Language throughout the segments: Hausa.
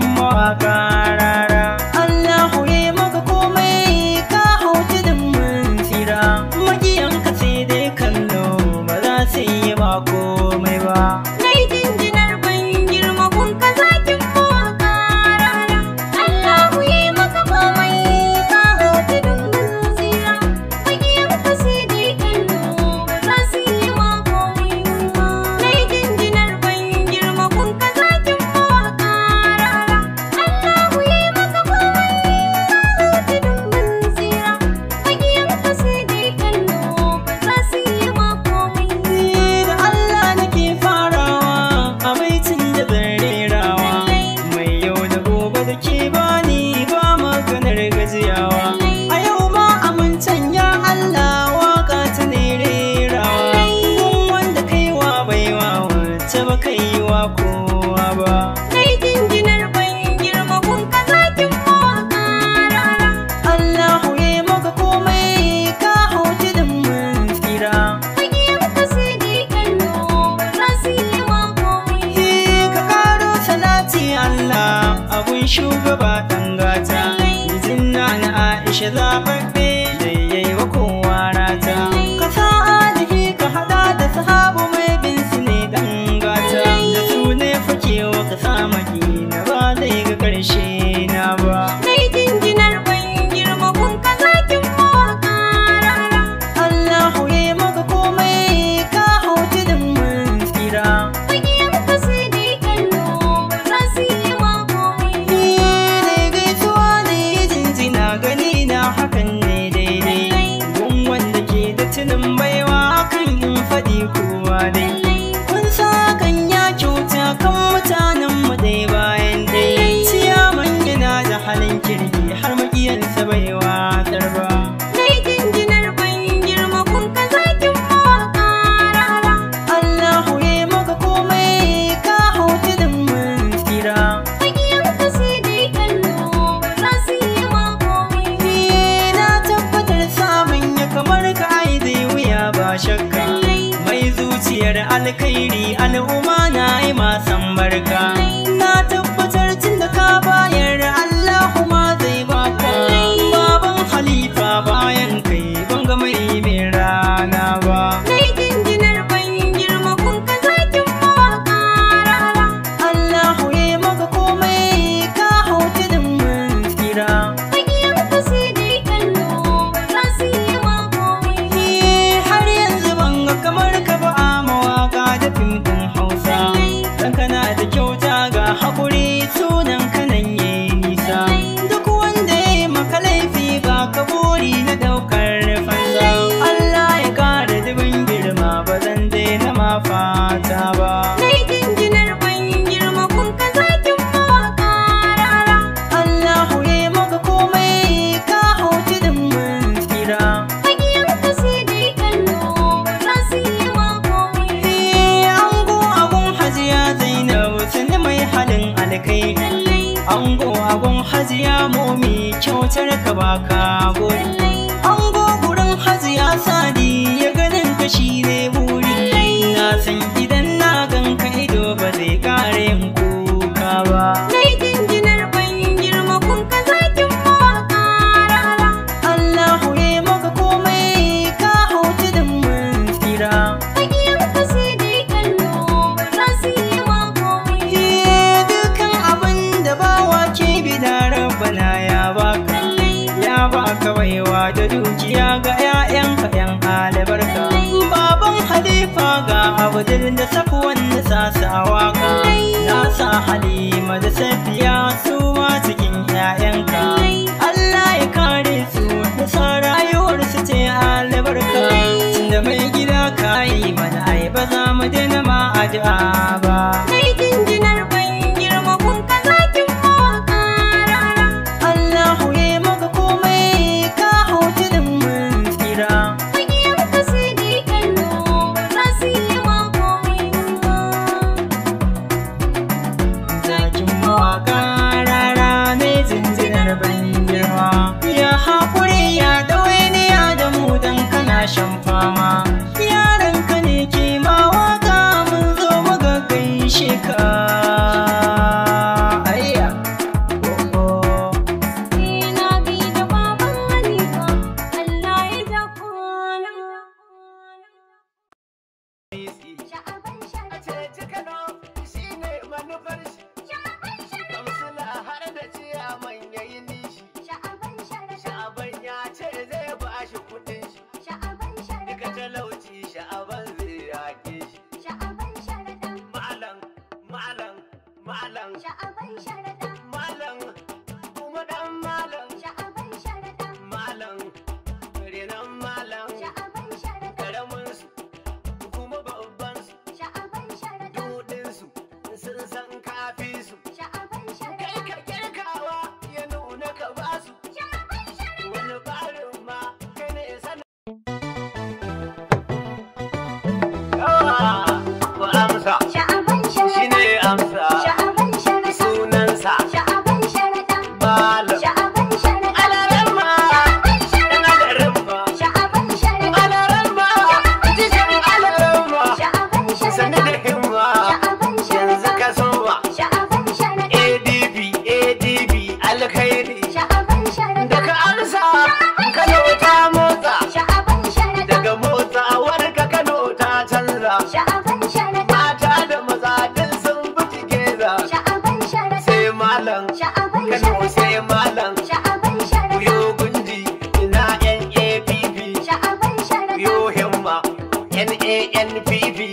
sarkin bye. and voy da dukiya ga 'ya'yanka 'yan albarka baban halifa ga abdul da safwan da sasawa ka na sa halima da safiya su ma cikin 'ya'yanka Allah ya kare su da sa rayuwar su ce albarka tunda mai gida kayi mana ai ba za mu daina ma ba baby.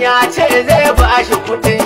ya ce zai ba shi kuɗin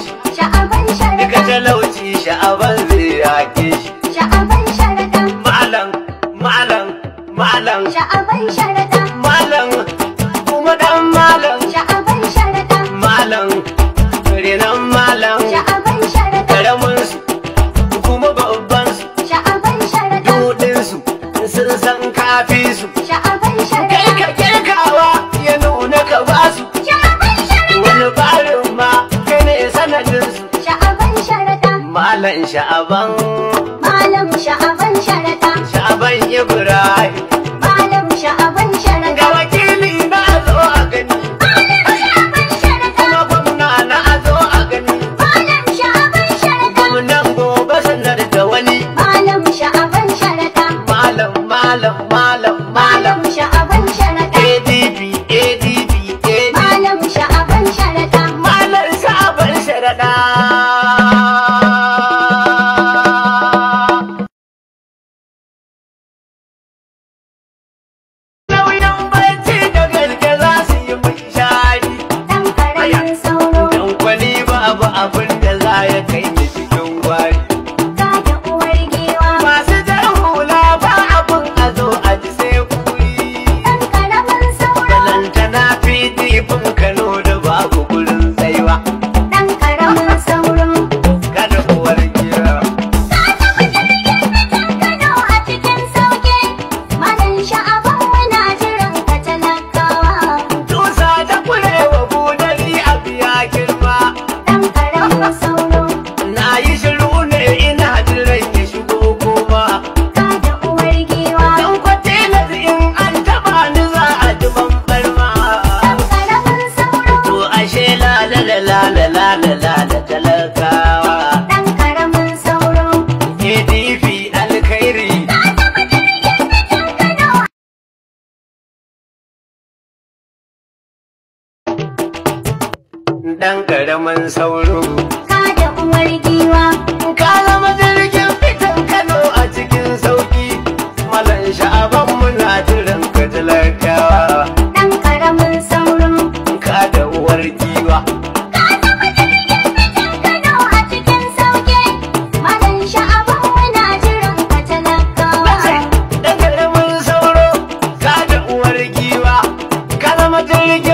जल्दी